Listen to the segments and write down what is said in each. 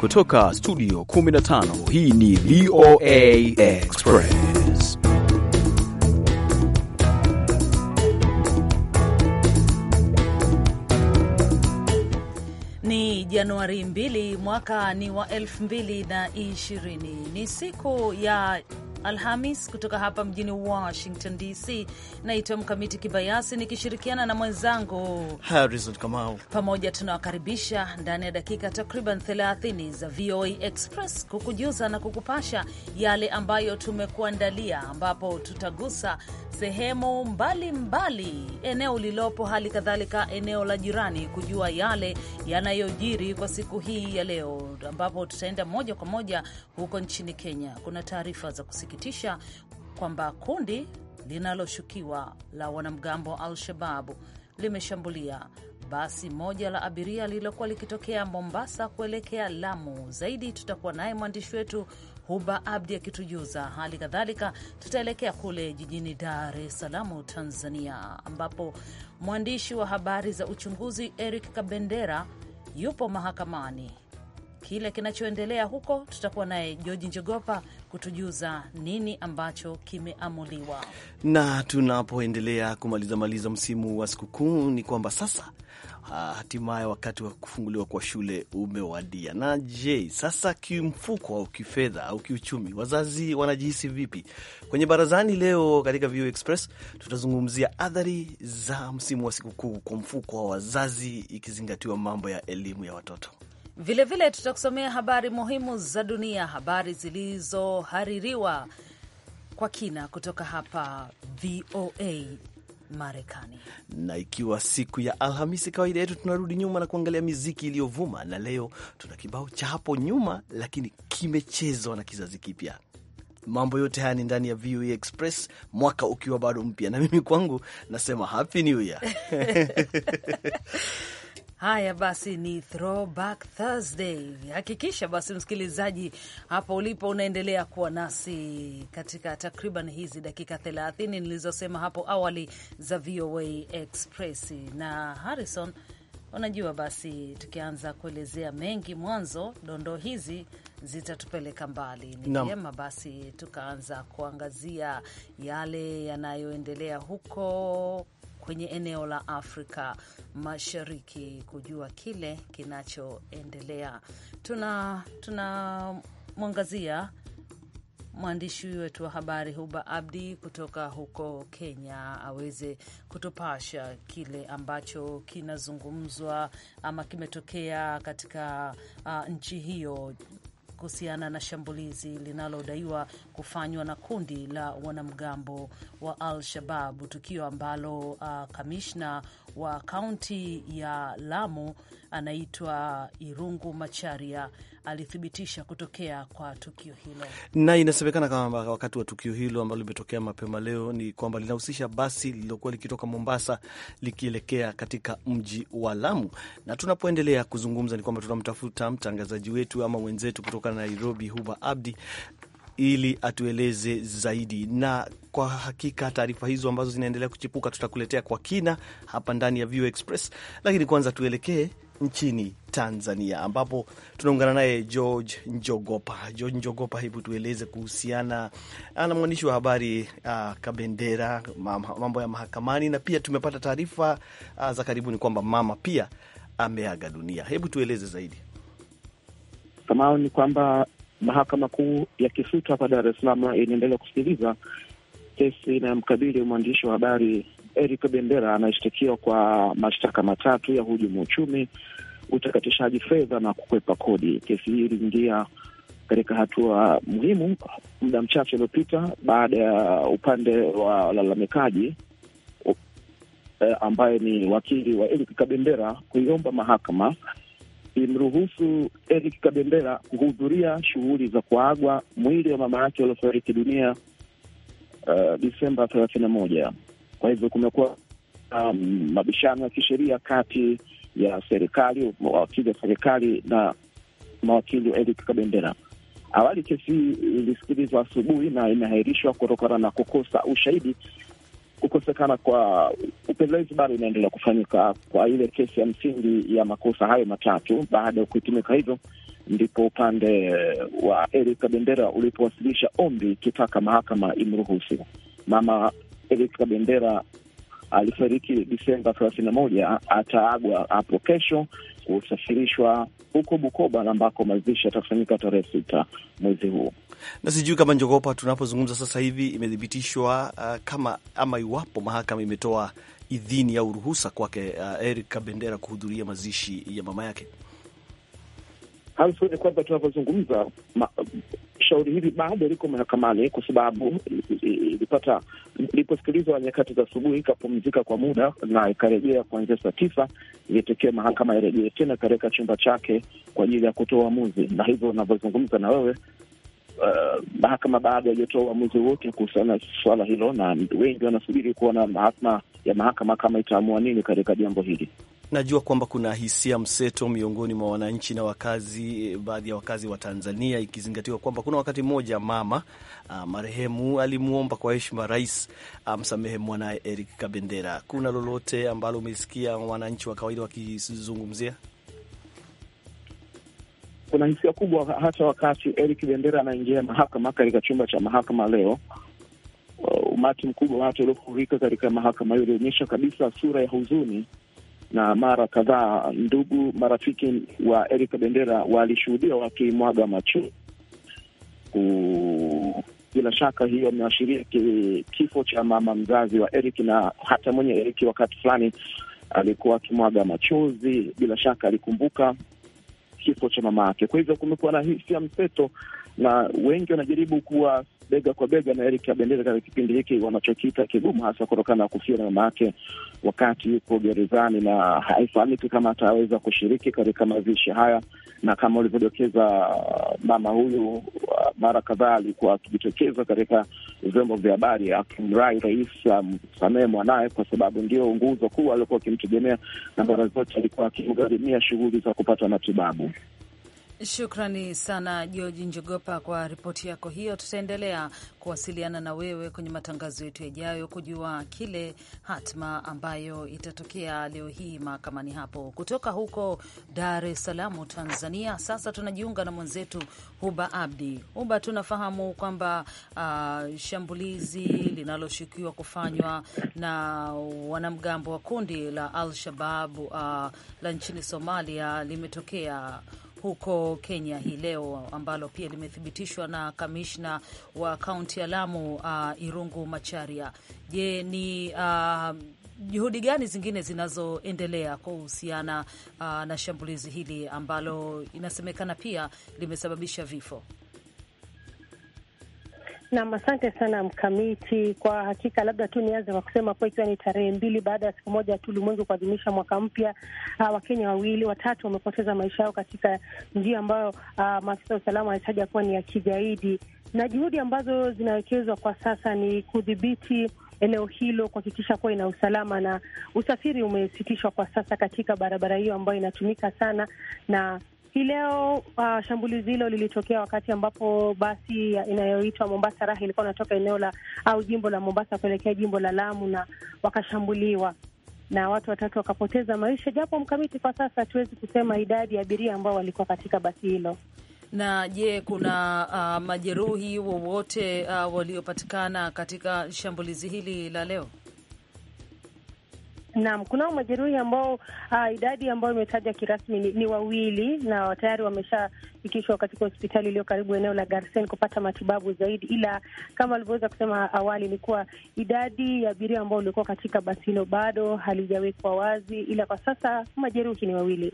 Kutoka studio 15 hii ni VOA Express. Ni Januari 2 mwaka ni wa 2020, ni siku ya Alhamis kutoka hapa mjini Washington DC. Naitwa Mkamiti Kibayasi nikishirikiana na mwenzangu Harrison Kamau. Pamoja tunawakaribisha ndani ya dakika takriban 30 za VOA Express kukujuza na kukupasha yale ambayo tumekuandalia, ambapo tutagusa sehemu mbalimbali mbali, eneo lililopo, hali kadhalika eneo la jirani, kujua yale yanayojiri kwa siku hii ya leo, ambapo tutaenda moja kwa moja huko nchini Kenya. Kuna taarifa za kusikia kuthibitisha kwamba kundi linaloshukiwa la wanamgambo wa Al-Shababu limeshambulia basi moja la abiria lililokuwa likitokea Mombasa kuelekea Lamu. Zaidi tutakuwa naye mwandishi wetu Huba Abdi akitujuza. Hali kadhalika tutaelekea kule jijini Dar es Salaam, Tanzania, ambapo mwandishi wa habari za uchunguzi Eric Kabendera yupo mahakamani kile kinachoendelea huko. Tutakuwa naye joji Njogopa kutujuza nini ambacho kimeamuliwa. Na tunapoendelea kumaliza maliza msimu wa sikukuu, ni kwamba sasa ah, hatimaye wakati wa kufunguliwa kwa shule umewadia. Na je, sasa kimfuko au kifedha au kiuchumi, wazazi wanajihisi vipi? Kwenye barazani leo katika VOA Express tutazungumzia athari za msimu wa sikukuu kwa mfuko wa wazazi, ikizingatiwa mambo ya elimu ya watoto. Vilevile tutakusomea habari muhimu za dunia, habari zilizohaririwa kwa kina kutoka hapa VOA Marekani. Na ikiwa siku ya Alhamisi, kawaida yetu tunarudi nyuma na kuangalia miziki iliyovuma, na leo tuna kibao cha hapo nyuma, lakini kimechezwa na kizazi kipya. Mambo yote haya ni ndani ya VOA Express, mwaka ukiwa bado mpya, na mimi kwangu nasema happy new year Haya basi, ni Throwback Thursday. Hakikisha basi, msikilizaji, hapo ulipo unaendelea kuwa nasi katika takriban hizi dakika 30 nilizosema hapo awali za VOA Express na Harrison. Unajua basi, tukianza kuelezea mengi mwanzo, dondoo hizi zitatupeleka mbali. Ni vyema basi tukaanza kuangazia yale yanayoendelea huko kwenye eneo la Afrika Mashariki kujua kile kinachoendelea. Tuna tunamwangazia mwandishi wetu wa habari Huba Abdi kutoka huko Kenya aweze kutupasha kile ambacho kinazungumzwa ama kimetokea katika uh, nchi hiyo kuhusiana na shambulizi linalodaiwa kufanywa na kundi la wanamgambo wa Al Shabab, tukio ambalo uh, kamishna wa kaunti ya Lamu anaitwa Irungu Macharia alithibitisha kutokea kwa tukio hilo, na inasemekana kwamba wakati wa tukio hilo ambalo limetokea mapema leo ni kwamba linahusisha basi lililokuwa likitoka Mombasa likielekea katika mji wa Lamu. Na tunapoendelea kuzungumza, ni kwamba tunamtafuta mtangazaji wetu ama wenzetu kutoka Nairobi, Huba Abdi ili atueleze zaidi. Na kwa hakika taarifa hizo ambazo zinaendelea kuchipuka tutakuletea kwa kina hapa ndani ya View Express, lakini kwanza tuelekee nchini Tanzania, ambapo tunaungana naye George Njogopa. George Njogopa, hebu tueleze kuhusiana na mwandishi wa habari uh, Kabendera, mambo ya mahakamani, na pia tumepata taarifa uh, za karibuni kwamba mama pia ameaga dunia. Hebu tueleze zaidi. Kamao, ni kwamba mahakama kuu ya Kisutu hapa Dar es Salaam inaendelea kusikiliza kesi inayomkabili mwandishi wa habari Eric Bendera anayeshtakiwa kwa mashtaka matatu ya hujumu uchumi, utakatishaji fedha na kukwepa kodi. Kesi hii iliingia katika hatua muhimu muda mchache uliopita baada ya upande wa walalamikaji eh, ambaye ni wakili wa Eric Kabendera kuiomba mahakama imruhusu Eric Kabendera kuhudhuria shughuli za kuagwa mwili wa mama yake waliofariki dunia uh, Disemba thelathini na moja. Kwa hivyo kumekuwa um, mabishano ya kisheria kati ya serikali, mawakili wa serikali na mawakili wa Eric Kabendera. Awali kesi hii ilisikilizwa asubuhi na imeahirishwa kutokana na kukosa ushahidi, kukosekana kwa upelelezi bado inaendelea kufanyika kwa ile kesi ya msingi ya makosa hayo matatu. Baada ya kuitumika hivyo, ndipo upande wa Eric Kabendera ulipowasilisha ombi ikitaka mahakama imruhusu mama Eric Kabendera alifariki Disemba thelathini na moja ataagwa hapo kesho kusafirishwa huko Bukoba ambako mazishi yatafanyika tarehe sita mwezi huu. Na sijui kama njogopa, tunapozungumza sasa hivi imethibitishwa uh, kama ama iwapo mahakama imetoa idhini au ruhusa kwake uh, Eric Kabendera kuhudhuria mazishi ya mama yake. Harison, ni kwamba tunavyozungumza shauri hili bado liko mahakamani kwa sababu ilipata iliposikilizwa nyakati za asubuhi ikapumzika kwa muda na ikarejea kuanzia saa tisa. Ilitokea mahakama irejee tena katika chumba chake kwa ajili ya kutoa uamuzi, na hivyo unavyozungumza na wewe uh, mahakama bado haijatoa uamuzi wote kuhusiana na suala hilo, na wengi wanasubiri kuona hatma ya mahakama kama itaamua nini katika jambo hili najua kwamba kuna hisia mseto miongoni mwa wananchi na wakazi, eh, baadhi ya wakazi wa Tanzania, ikizingatiwa kwamba kuna wakati mmoja mama uh, marehemu alimwomba kwa heshima rais amsamehe mwanaye Eric Kabendera. Kuna lolote ambalo umesikia wananchi wa kawaida wakizungumzia? Kuna hisia kubwa, hata wakati Eric Bendera anaingia mahakama katika chumba cha mahakama leo uh, umati mkubwa wa watu uliofurika katika mahakama hiyo ulionyesha kabisa sura ya huzuni na mara kadhaa ndugu marafiki wa Eric Bendera walishuhudia wakimwaga machozi. Bila shaka hiyo ameashiria kifo cha mama mzazi wa Eric, na hata mwenye Eric wakati fulani alikuwa akimwaga machozi. Bila shaka alikumbuka kifo cha mama yake. Kwa hivyo kumekuwa na hisia mseto, na wengi wanajaribu kuwa bega kwa bega na Eric Kabendera katika kipindi hiki wanachokita kigumu, hasa kutokana na kufia na mama yake wakati yuko gerezani, na haifahamiki kama ataweza kushiriki katika mazishi haya. Na kama ulivyodokeza, uh, mama huyu uh, mara kadhaa alikuwa akijitokeza katika vyombo vya habari akimrai rais amsamehe um, mwanaye, kwa sababu ndio nguzo kuu aliokuwa akimtegemea, na mara zote alikuwa akimgharimia shughuli za kupata matibabu. Shukrani sana George Njogopa kwa ripoti yako hiyo. Tutaendelea kuwasiliana na wewe kwenye matangazo yetu yajayo kujua kile hatma ambayo itatokea leo hii mahakamani hapo. Kutoka huko Dar es Salaam, Tanzania, sasa tunajiunga na mwenzetu Huba Abdi. Huba, tunafahamu kwamba uh, shambulizi linaloshukiwa kufanywa na wanamgambo wa kundi la Al Shabab uh, ah, la nchini Somalia limetokea huko Kenya hii leo, ambalo pia limethibitishwa na kamishna wa kaunti ya Lamu uh, Irungu Macharia. Je, ni uh, juhudi gani zingine zinazoendelea kuhusiana uh, na shambulizi hili ambalo inasemekana pia limesababisha vifo? Nam, asante sana Mkamiti. Kwa hakika, labda tu nianze kwa kusema kuwa ikiwa ni tarehe mbili baada ya siku moja tu ulimwengu kuadhimisha mwaka mpya, uh, ah, Wakenya wawili watatu wamepoteza maisha yao katika njia ambayo uh, maafisa wa usalama wanataja kuwa ni ya kigaidi, na juhudi ambazo zinawekezwa kwa sasa ni kudhibiti eneo hilo kuhakikisha kuwa ina usalama na usafiri umesitishwa kwa sasa katika barabara hiyo ambayo inatumika sana na hii leo uh, shambulizi hilo lilitokea wakati ambapo basi inayoitwa Mombasa Raha ilikuwa inatoka eneo la au jimbo la Mombasa kuelekea jimbo la Lamu, na wakashambuliwa na watu watatu wakapoteza maisha, japo mkamiti, kwa sasa hatuwezi kusema idadi ya abiria ambao walikuwa katika basi hilo. Na je, kuna uh, majeruhi wowote uh, waliopatikana katika shambulizi hili la leo? Naam, kunao majeruhi ambao uh, idadi ambayo imetaja kirasmi ni, ni wawili na tayari wameshafikishwa katika hospitali iliyo karibu eneo la Garsen kupata matibabu zaidi, ila kama alivyoweza kusema awali ni kuwa idadi ya abiria ambao walikuwa katika basi hilo bado halijawekwa wazi, ila kwa sasa majeruhi ni wawili.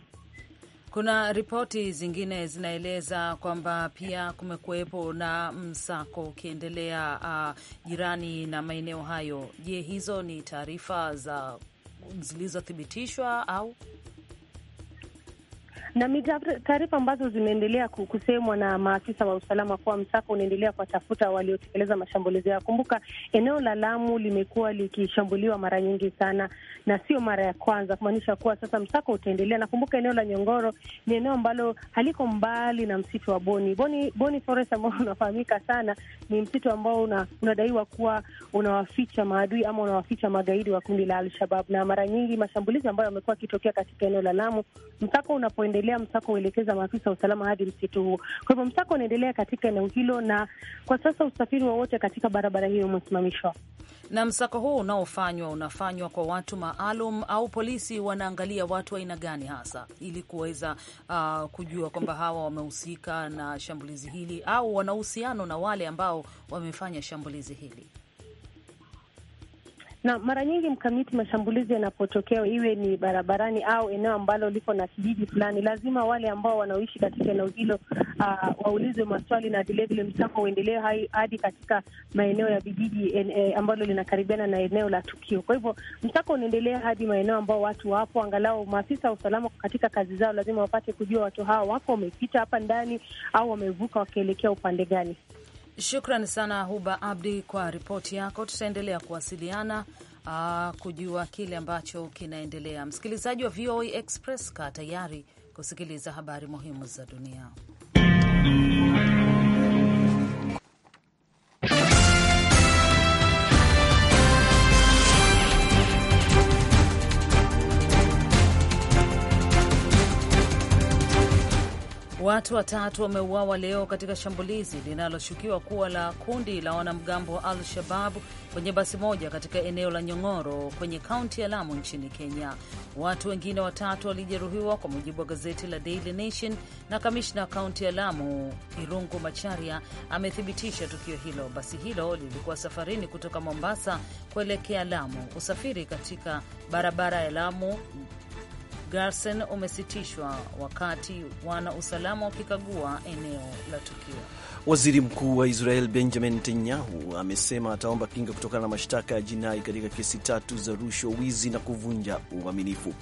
Kuna ripoti zingine zinaeleza kwamba pia kumekuwepo na msako ukiendelea ah, jirani uh, na maeneo hayo. Je, hizo ni taarifa za zilizothibitishwa au na taarifa ambazo zimeendelea kusemwa na maafisa wa usalama kuwa msako unaendelea kuwatafuta waliotekeleza mashambulizi hayo. Kumbuka eneo la Lamu limekuwa likishambuliwa mara nyingi sana, na sio mara ya kwanza, kumaanisha kuwa sasa msako utaendelea. Nakumbuka eneo la Nyongoro ni eneo ambalo haliko mbali na msitu wa Boni. Boni, Boni Forest ambao unafahamika sana, ni msitu ambao una, unadaiwa kuwa unawaficha maadui ama unawaficha magaidi wa kundi la Alshabab, na mara nyingi mashambulizi ambayo yamekuwa akitokea katika eneo la Lamu, msako unapoendelea unaendelea msako uelekeza maafisa wa usalama hadi msitu huo. Kwa hivyo msako unaendelea katika eneo hilo, na kwa sasa usafiri wowote katika barabara hiyo umesimamishwa. Na msako huu unaofanywa unafanywa kwa watu maalum au polisi wanaangalia watu aina gani hasa, ili kuweza uh, kujua kwamba hawa wamehusika na shambulizi hili au wana uhusiano na wale ambao wamefanya shambulizi hili? Na mara nyingi mkamiti, mashambulizi yanapotokea, iwe ni barabarani au eneo ambalo liko na kijiji fulani, lazima wale ambao wanaoishi katika eneo hilo uh, ah, waulizwe maswali na vilevile msako uendelee hadi katika maeneo ya vijiji eh, ambalo linakaribiana na eneo la tukio. Kwa hivyo msako unaendelea hadi maeneo ambao watu wapo, angalau maafisa wa usalama katika kazi zao lazima wapate kujua watu hawa wako wamepita hapa ndani au wamevuka wakielekea upande gani. Shukran sana Huba Abdi kwa ripoti yako. Tutaendelea kuwasiliana uh, kujua kile ambacho kinaendelea. Msikilizaji wa VOA Express, kaa tayari kusikiliza habari muhimu za dunia. Watu watatu wameuawa leo katika shambulizi linaloshukiwa kuwa la kundi la wanamgambo wa al shababu kwenye basi moja katika eneo la Nyong'oro kwenye kaunti ya Lamu nchini Kenya. Watu wengine watatu walijeruhiwa kwa mujibu wa gazeti la Daily Nation, na kamishna wa kaunti ya Lamu Irungu Macharia amethibitisha tukio hilo. Basi hilo lilikuwa safarini kutoka Mombasa kuelekea Lamu. Usafiri katika barabara ya Lamu Garsen umesitishwa wakati wana usalama wakikagua eneo la tukio. Waziri Mkuu wa Israel Benjamin Netanyahu amesema ataomba kinga kutokana na mashtaka ya jinai katika kesi tatu za rushwa, wizi na kuvunja uaminifu.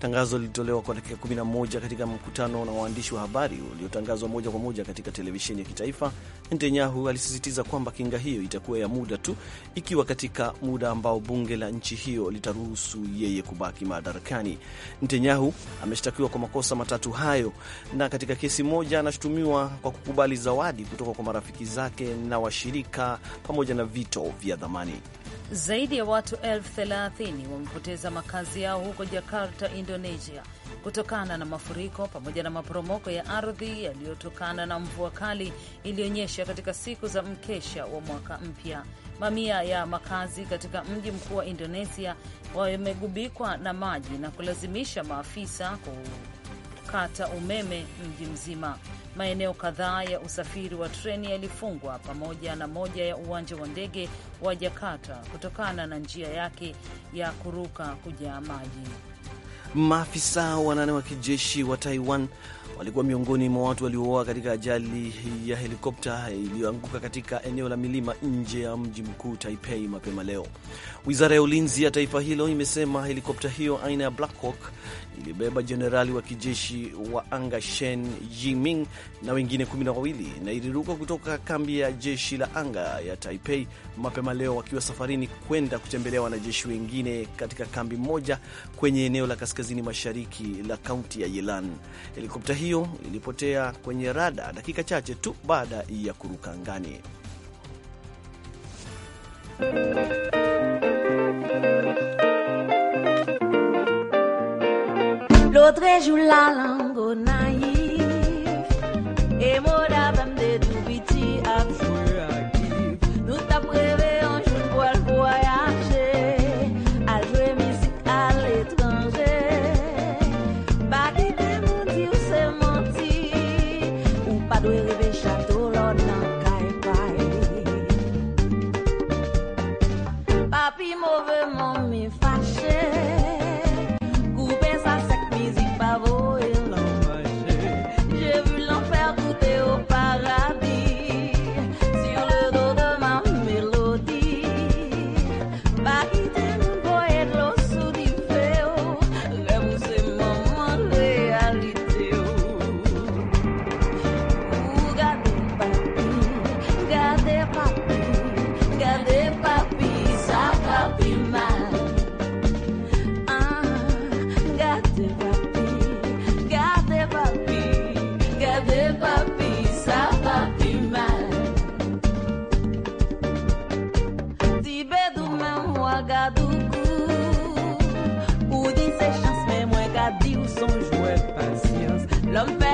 Tangazo lilitolewa kwa dakika 11 katika mkutano na waandishi wa habari uliotangazwa moja kwa moja katika televisheni ya kitaifa. Netanyahu alisisitiza kwamba kinga hiyo itakuwa ya muda tu, ikiwa katika muda ambao bunge la nchi hiyo litaruhusu yeye kubaki madarakani. Netanyahu ameshtakiwa kwa makosa matatu hayo, na katika kesi moja anashutumiwa kwa kukubali zawadi kutoka kwa marafiki zake na washirika pamoja na vito vya dhamani. Zaidi ya watu elfu thelathini wamepoteza makazi yao huko Jakarta, Indo Indonesia kutokana na mafuriko pamoja na maporomoko ya ardhi yaliyotokana na mvua kali iliyonyesha katika siku za mkesha wa mwaka mpya. Mamia ya makazi katika mji mkuu wa Indonesia wamegubikwa na maji na kulazimisha maafisa kukata umeme mji mzima. Maeneo kadhaa ya usafiri wa treni yalifungwa pamoja na moja ya uwanja wa ndege wa Jakarta kutokana na njia yake ya kuruka kujaa maji. Maafisa wanane wa kijeshi wa Taiwan walikuwa miongoni mwa watu waliouawa katika ajali ya helikopta iliyoanguka katika eneo la milima nje ya mji mkuu Taipei mapema leo. Wizara ya ulinzi ya taifa hilo imesema helikopta hiyo aina ya Black Hawk ilibeba jenerali wa kijeshi wa anga Shen Yiming na wengine kumi na wawili na iliruka kutoka kambi ya jeshi la anga ya Taipei mapema leo wakiwa safarini kwenda kutembelea wanajeshi wengine katika kambi moja kwenye eneo la kaskazini mashariki la kaunti ya Yilan. Helikopta hiyo ilipotea kwenye rada dakika chache tu baada ya kuruka angani. L'autre joue la langue naïve et moral Lompe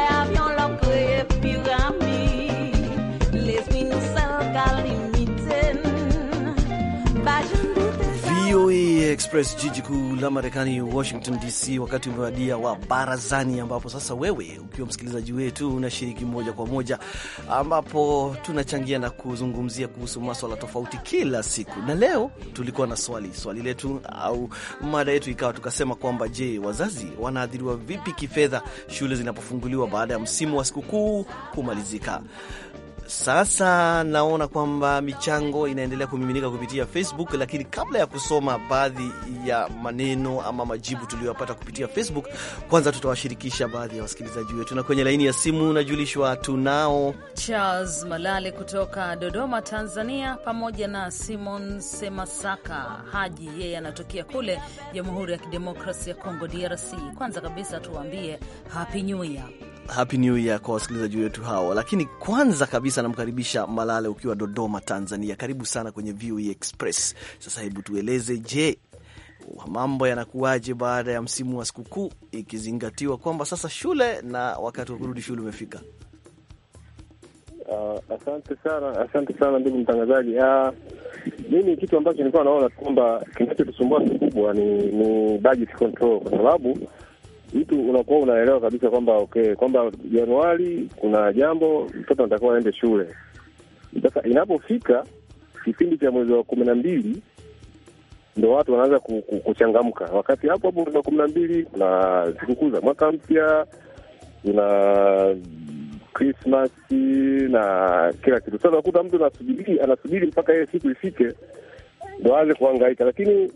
Express, jiji kuu la Marekani, Washington DC. Wakati umewadia wa barazani, ambapo sasa wewe ukiwa msikilizaji wetu unashiriki moja kwa moja, ambapo tunachangia na kuzungumzia kuhusu maswala tofauti kila siku. Na leo tulikuwa na swali swali letu au mada yetu ikawa tukasema kwamba je, wazazi wanaathiriwa vipi kifedha shule zinapofunguliwa baada ya msimu wa sikukuu kumalizika? Sasa naona kwamba michango inaendelea kumiminika kupitia Facebook, lakini kabla ya kusoma baadhi ya maneno ama majibu tuliyoyapata kupitia Facebook, kwanza tutawashirikisha baadhi ya wasikilizaji wetu, na kwenye laini ya simu najulishwa tunao Charles Malale kutoka Dodoma, Tanzania, pamoja na Simon Semasaka Haji, yeye anatokea kule Jamhuri ya Kidemokrasi ya Kongo, DRC. Kwanza kabisa tuwaambie happy new year. Happy New Year kwa wasikilizaji wetu hawa. Lakini kwanza kabisa namkaribisha Malale ukiwa Dodoma, Tanzania. Karibu sana kwenye VOA e Express. Sasa hebu tueleze, je, mambo yanakuwaje baada ya msimu wa sikukuu ikizingatiwa kwamba sasa shule na wakati wa kurudi shule umefika? Uh, asante sana, asante sana ndugu mtangazaji. Uh, mimi kitu ambacho nilikuwa naona kwamba kinachotusumbua kikubwa ni, ni budget control kwa sababu mtu unakuwa unaelewa kabisa kwamba okay, kwamba Januari kuna jambo mtoto anatakiwa aende shule. Sasa inapofika kipindi cha mwezi wa kumi na mbili ndo watu wanaanza kuchangamka, wakati hapo hapo mwezi wa kumi na mbili kuna sikukuu za mwaka mpya, kuna krismas na kila kitu. Sasa unakuta mtu anasubiri anasubiri mpaka ile siku ifike ndo aanze kuhangaika, lakini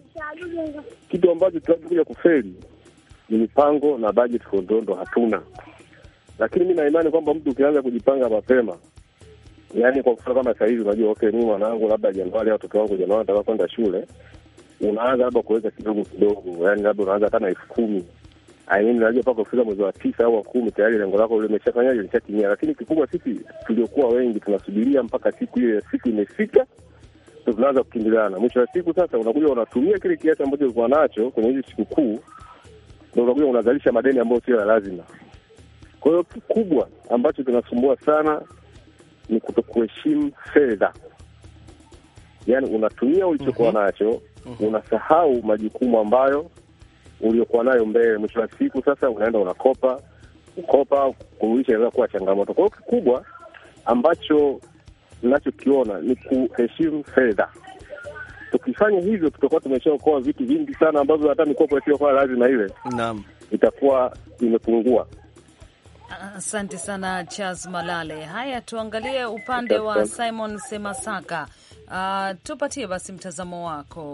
kitu ambacho tunakuja kufeli ni mipango na budget control ndondo hatuna. Lakini mi naimani kwamba mtu ukianza kujipanga mapema, yani kwa mfano kama sahizi unajua, okay, mi mwanangu labda Januari, au watoto wangu Januari nataka kwenda shule, unaanza labda kuweza kidogo kidogo, yani labda unaanza hata na elfu kumi I mean, unajua mpaka kufika mwezi wa tisa au wa kumi tayari lengo lako limeshafanyaje, lishatimia. Lakini kikubwa sisi tuliokuwa wengi tunasubiria mpaka siku hiyo ya siku imefika ndo tunaanza kukimbiliana. Mwisho wa siku sasa unakuja unatumia kile kiasi ambacho ulikuwa nacho kwenye hizi sikukuu ndio unakuja unazalisha madeni ambayo sio ya lazima. Kwa hiyo kikubwa ambacho kinasumbua sana ni kutokuheshimu fedha, yaani unatumia ulichokuwa mm -hmm. nacho mm -hmm. unasahau majukumu ambayo uliokuwa nayo mbele. Mwisho wa siku sasa unaenda unakopa, kukopa kurudisha inaweza kuwa changamoto. Kwa hiyo kikubwa ambacho nachokiona ni kuheshimu fedha. Tukifanya hivyo, tutakuwa tumeshaokoa vitu vingi sana ambavyo hata mikopo isiyokuwa lazima ile naam, itakuwa imepungua. Asante sana Charles Malale. Haya, tuangalie upande wa Simon Semasaka. Uh, tupatie basi mtazamo wako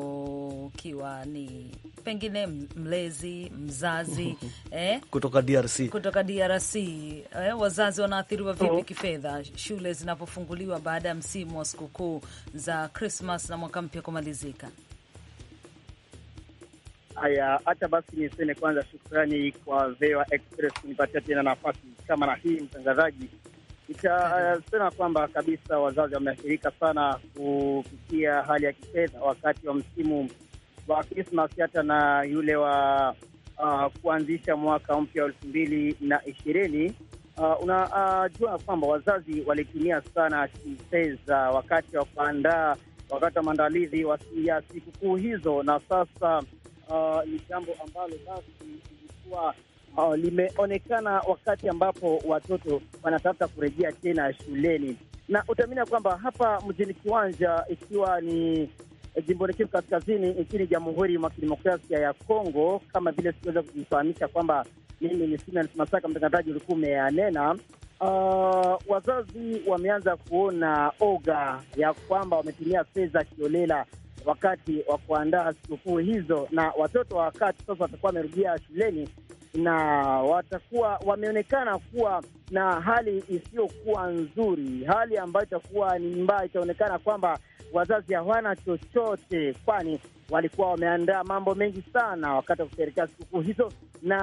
ukiwa ni pengine mlezi mzazi eh, kutoka DRC, kutoka DRC eh, wazazi wanaathiriwa vipi oh, kifedha shule zinapofunguliwa baada ya msimu wa sikukuu za Krismas na mwaka mpya kumalizika? Haya, hacha basi niseme kwanza shukrani kwa VOA Express kunipatia tena nafasi kama na hii mtangazaji nitasema kwamba kabisa wazazi wameathirika sana kupitia hali ya kifedha wakati wa msimu wa krismas hata na yule wa uh, kuanzisha mwaka mpya wa elfu mbili na ishirini. Uh, unajua uh, kwamba wazazi walitumia sana kifedha wakati wa kuandaa, wakati wa maandalizi ya sikukuu hizo, na sasa ah, ni uh, jambo ambalo basi ilikuwa uh, limeonekana wakati ambapo watoto wanatafuta kurejea tena shuleni, na utaamini kwamba hapa mjini Kiwanja, ikiwa ni eh, jimboni Kivu Kaskazini nchini Jamhuri mwa Kidemokrasia ya Kongo, kama vile sikuweza kujifahamisha kwamba mimi ni Simon Masaka, mtangazaji ulikuwa umeanena Uh, ah, wazazi wameanza kuona oga ya kwamba wametumia fedha kiolela wakati wa kuandaa sikukuu hizo, na watoto wakati sasa watakuwa wamerudia shuleni, na watakuwa wameonekana kuwa na hali isiyokuwa nzuri, hali ambayo itakuwa ni mbaya. Itaonekana kwamba wazazi hawana chochote, kwani walikuwa wameandaa mambo mengi sana wakati wa kusherekea sikukuu hizo na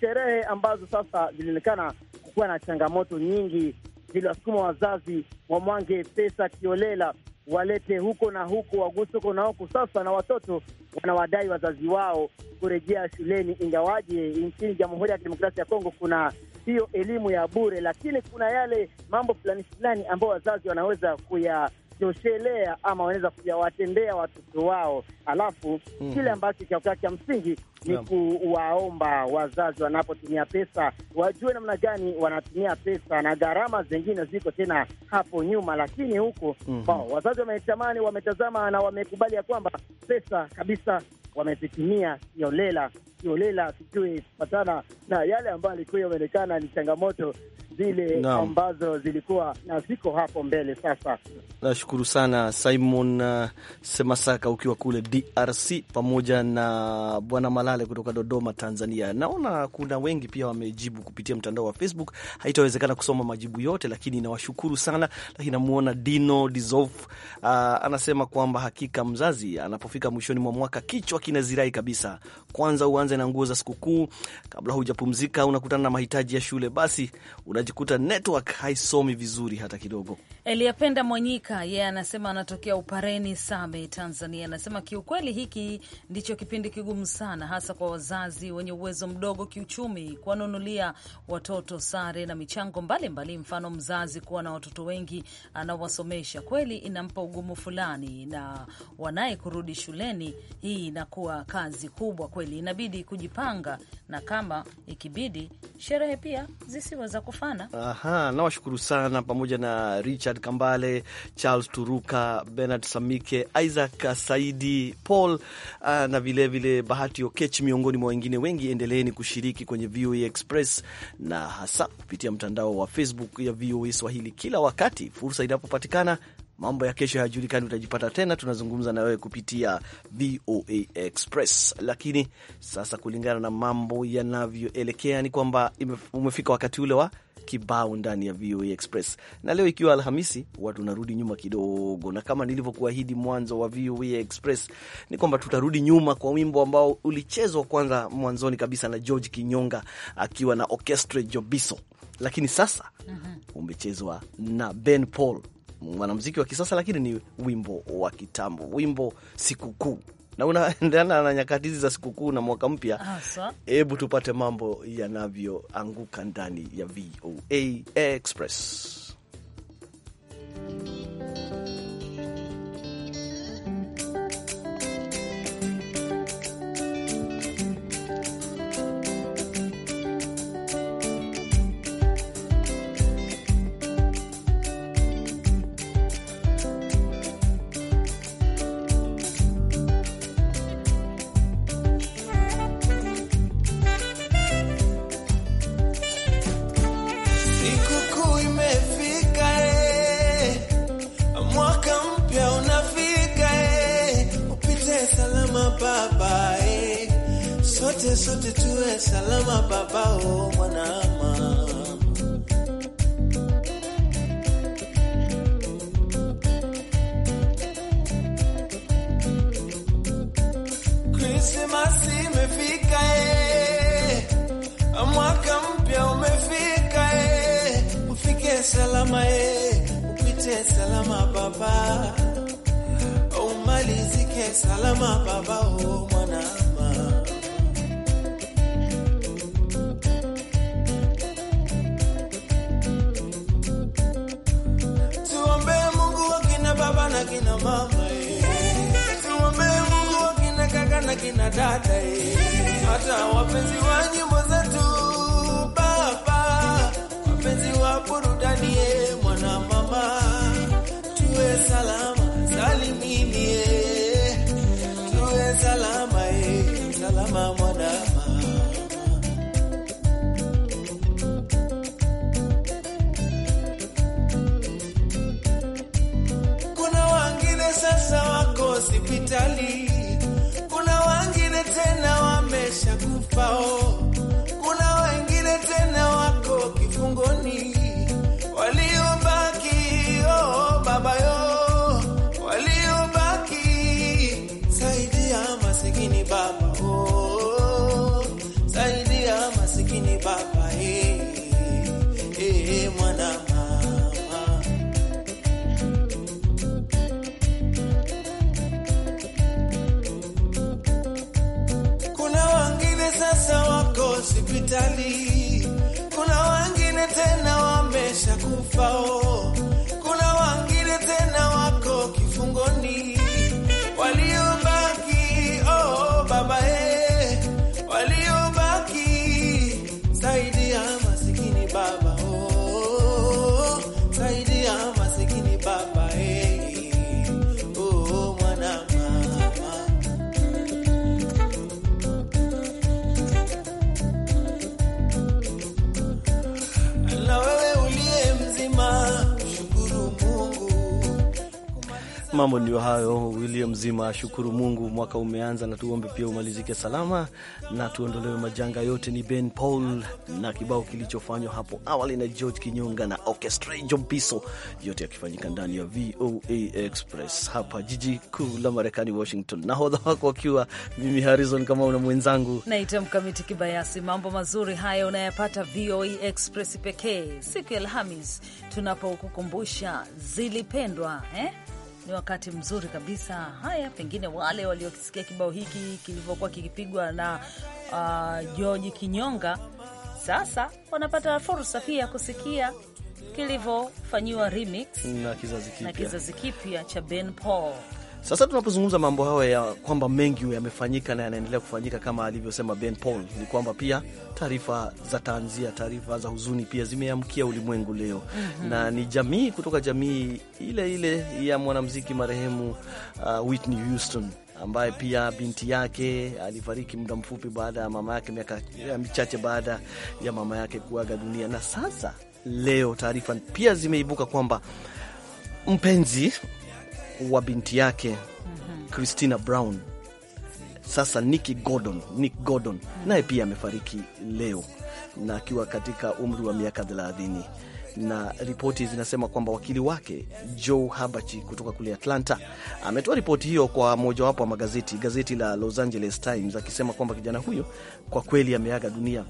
sherehe ambazo sasa zilionekana kuwa na changamoto nyingi, ziliwasukuma wazazi wamwange pesa kiolela walete huko na huko, waguse huko na huko. Sasa na watoto wanawadai wazazi wao kurejea shuleni, ingawaje nchini Jamhuri ya Kidemokrasia ya Kongo kuna hiyo elimu ya bure, lakini kuna yale mambo fulani fulani ambayo wazazi wanaweza kuya kujitoshelea ama wanaweza kujawatendea watoto wao, alafu mm -hmm. kile ambacho cha cha msingi ni yeah. kuwaomba wazazi wanapotumia pesa wajue namna gani wanatumia pesa, na gharama zingine ziko tena hapo nyuma, lakini huko mm -hmm. wazazi wametamani, wametazama na wamekubali ya kwamba pesa kabisa wamezitumia kiolela kiolela, sijui patana na yale ambayo alikuwa yameonekana ni changamoto zile no. ambazo zilikuwa na ziko hapo mbele sasa. Nashukuru sana Simon uh, Semasaka ukiwa kule DRC pamoja na Bwana Malale kutoka Dodoma, Tanzania. Naona kuna wengi pia wamejibu kupitia mtandao wa Facebook. Haitawezekana kusoma majibu yote, lakini nawashukuru sana. Lakini namuona Dino Dizof uh, anasema kwamba hakika mzazi anapofika mwishoni mwa mwaka kichwa kinazirai kabisa. Kwanza uanze na nguo za sikukuu, kabla hujapumzika unakutana na mahitaji ya shule, basi una unajikuta network haisomi vizuri hata kidogo. Eliapenda Mwanyika yeye, yeah, anasema anatokea Upareni Same, Tanzania. Anasema kiukweli hiki ndicho kipindi kigumu sana, hasa kwa wazazi wenye uwezo mdogo kiuchumi kuwanunulia watoto sare na michango mbalimbali mbali. Mfano mzazi kuwa na watoto wengi anawasomesha, kweli inampa ugumu fulani, na wanaye kurudi shuleni, hii inakuwa kazi kubwa kweli, inabidi kujipanga, na kama ikibidi sherehe pia zisiwe za kufana sana. Aha, nawashukuru sana pamoja na Richard Kambale, Charles Turuka, Bernard Samike, Isaac Saidi, Paul ah, na vilevile Bahati Okech miongoni mwa wengine wengi. Endeleeni kushiriki kwenye VOA e Express na hasa kupitia mtandao wa Facebook ya VOA e Swahili kila wakati fursa inapopatikana. Mambo ya kesho hayajulikani, utajipata tena tunazungumza na wewe kupitia VOA e Express. Lakini sasa kulingana na mambo yanavyoelekea ni kwamba umefika wakati ule wa kibao ndani ya VOA Express. Na leo ikiwa Alhamisi, huwa tunarudi nyuma kidogo, na kama nilivyokuahidi mwanzo wa VOA Express ni kwamba tutarudi nyuma kwa wimbo ambao ulichezwa kwanza mwanzoni kabisa na George Kinyonga akiwa na Orchestre Jobiso, lakini sasa mhm. umechezwa na Ben Paul, mwanamuziki wa kisasa, lakini ni wimbo wa kitambo, wimbo Sikukuu na unaendana na nyakati hizi za sikukuu na mwaka mpya. Ah, hebu tupate mambo yanavyoanguka ndani ya VOA Express. salama e, upite salama baba, umalizike oh, salama baba, oh mwanama Tuombe Mungu wakina baba na kina mama e, tuombe Mungu wakina kaka na kina dada e, hata wapenzi wa hospitali tena wameshakufa oh. mambo ndio hayo, William mzima. Shukuru Mungu, mwaka umeanza, na tuombe pia umalizike salama na tuondolewe majanga yote. Ni Ben Paul na kibao kilichofanywa hapo awali na George Kinyonga na orchestra Jompiso, yote yakifanyika ndani ya VOA Express hapa jiji kuu la Marekani, Washington. Nahodha wako akiwa mimi Harizon kama una mwenzangu naita Mkamiti Kibayasi. Mambo mazuri haya unayapata VOA Express pekee, siku ya Alhamis tunapokukumbusha zilipendwa eh? ni wakati mzuri kabisa. Haya, pengine wale waliokisikia kibao hiki kilivyokuwa kikipigwa na uh, Kinyonga, sasa wanapata fursa pia kusikia kilivyofanyiwa remix na kizazi kipya cha Ben Paul. Sasa tunapozungumza mambo hayo ya kwamba mengi yamefanyika na yanaendelea kufanyika kama alivyosema Ben Paul, ni kwamba pia taarifa za tanzia, taarifa za huzuni pia zimeamkia ulimwengu leo mm -hmm. na ni jamii kutoka jamii ile ile ya mwanamuziki marehemu uh, Whitney Houston ambaye pia binti yake alifariki muda mfupi baada ya mama yake, miaka ya michache baada ya mama yake kuaga dunia. Na sasa leo taarifa pia zimeibuka kwamba mpenzi wa binti yake mhm. Christina Brown. Sasa Nicky Gordon, Nick Gordon naye pia amefariki leo na akiwa katika umri wa miaka 30 na ripoti zinasema kwamba wakili wake Joe Habachi kutoka kule Atlanta ametoa ripoti hiyo kwa mojawapo wa magazeti, gazeti la Los Angeles Times, akisema kwamba kijana huyo kwa kweli ameaga dunia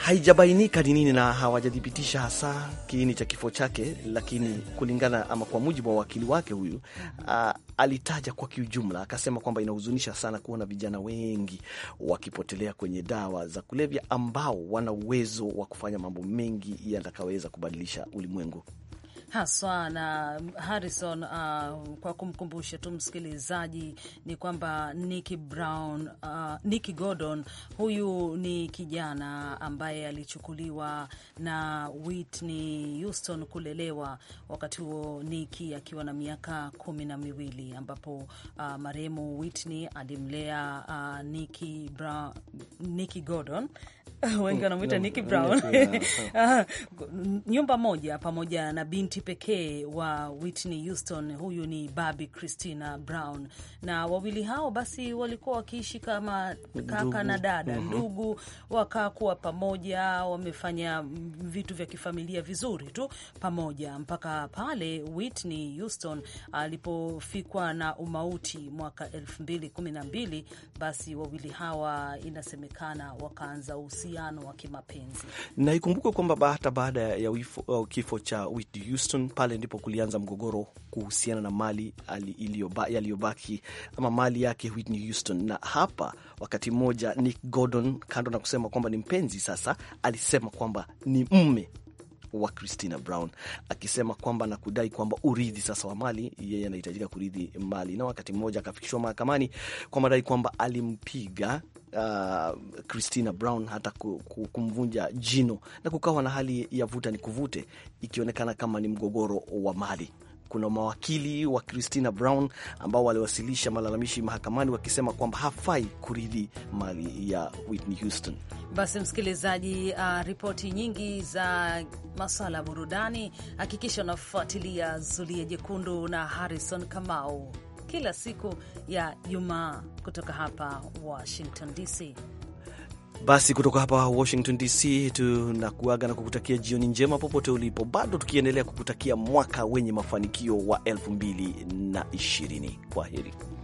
haijabainika ni nini na hawajathibitisha hasa kiini cha kifo chake, lakini kulingana ama kwa mujibu wa wakili wake huyu a, alitaja kwa kiujumla, akasema kwamba inahuzunisha sana kuona vijana wengi wakipotelea kwenye dawa za kulevya ambao wana uwezo wa kufanya mambo mengi yatakaweza kubadilisha ulimwengu haswa na Harrison. Uh, kwa kumkumbusha tu msikilizaji ni kwamba Nicky Brown, uh, Nicky Gordon huyu ni kijana ambaye alichukuliwa na Whitney Houston kulelewa, wakati huo Nicky akiwa na miaka kumi na miwili ambapo uh, marehemu Whitney alimlea uh, Nicky Brown, Nicky Gordon wengi wanamwita oh, Nicky Brown uh, nyumba moja pamoja na binti pekee wa Whitney Houston, huyu ni Bobby Christina Brown, na wawili hao basi walikuwa wakiishi kama kaka na dada mm -hmm. Ndugu wakakuwa pamoja, wamefanya vitu vya kifamilia vizuri tu pamoja mpaka pale Whitney Houston alipofikwa na umauti mwaka 2012. Basi wawili hawa inasemekana wakaanza uhusiano wa kimapenzi na ikumbukwe kwamba hata baada ya wifo, uh, kifo cha Whitney Houston Houston. Pale ndipo kulianza mgogoro kuhusiana na mali yaliyobaki ama mali yake Whitney Houston. Na hapa wakati mmoja Nick Gordon, kando na kusema kwamba ni mpenzi, sasa alisema kwamba ni mme wa Christina Brown akisema kwamba na kudai kwamba urithi sasa wa mali, yeye anahitajika kurithi mali, na wakati mmoja akafikishwa mahakamani kwa madai kwamba alimpiga uh, Christina Brown hata kumvunja jino na kukawa na hali ya vuta ni kuvute, ikionekana kama ni mgogoro wa mali. Kuna mawakili wa Christina Brown ambao waliwasilisha malalamishi mahakamani wakisema kwamba hafai kuridhi mali ya Whitney Houston. Basi msikilizaji, uh, ripoti nyingi za maswala ya burudani, hakikisha unafuatilia Zulia Jekundu na Harrison Kamau kila siku ya Jumaa kutoka hapa Washington DC. Basi kutoka hapa Washington DC tunakuaga na kukutakia jioni njema popote ulipo, bado tukiendelea kukutakia mwaka wenye mafanikio wa 2020. Kwa heri.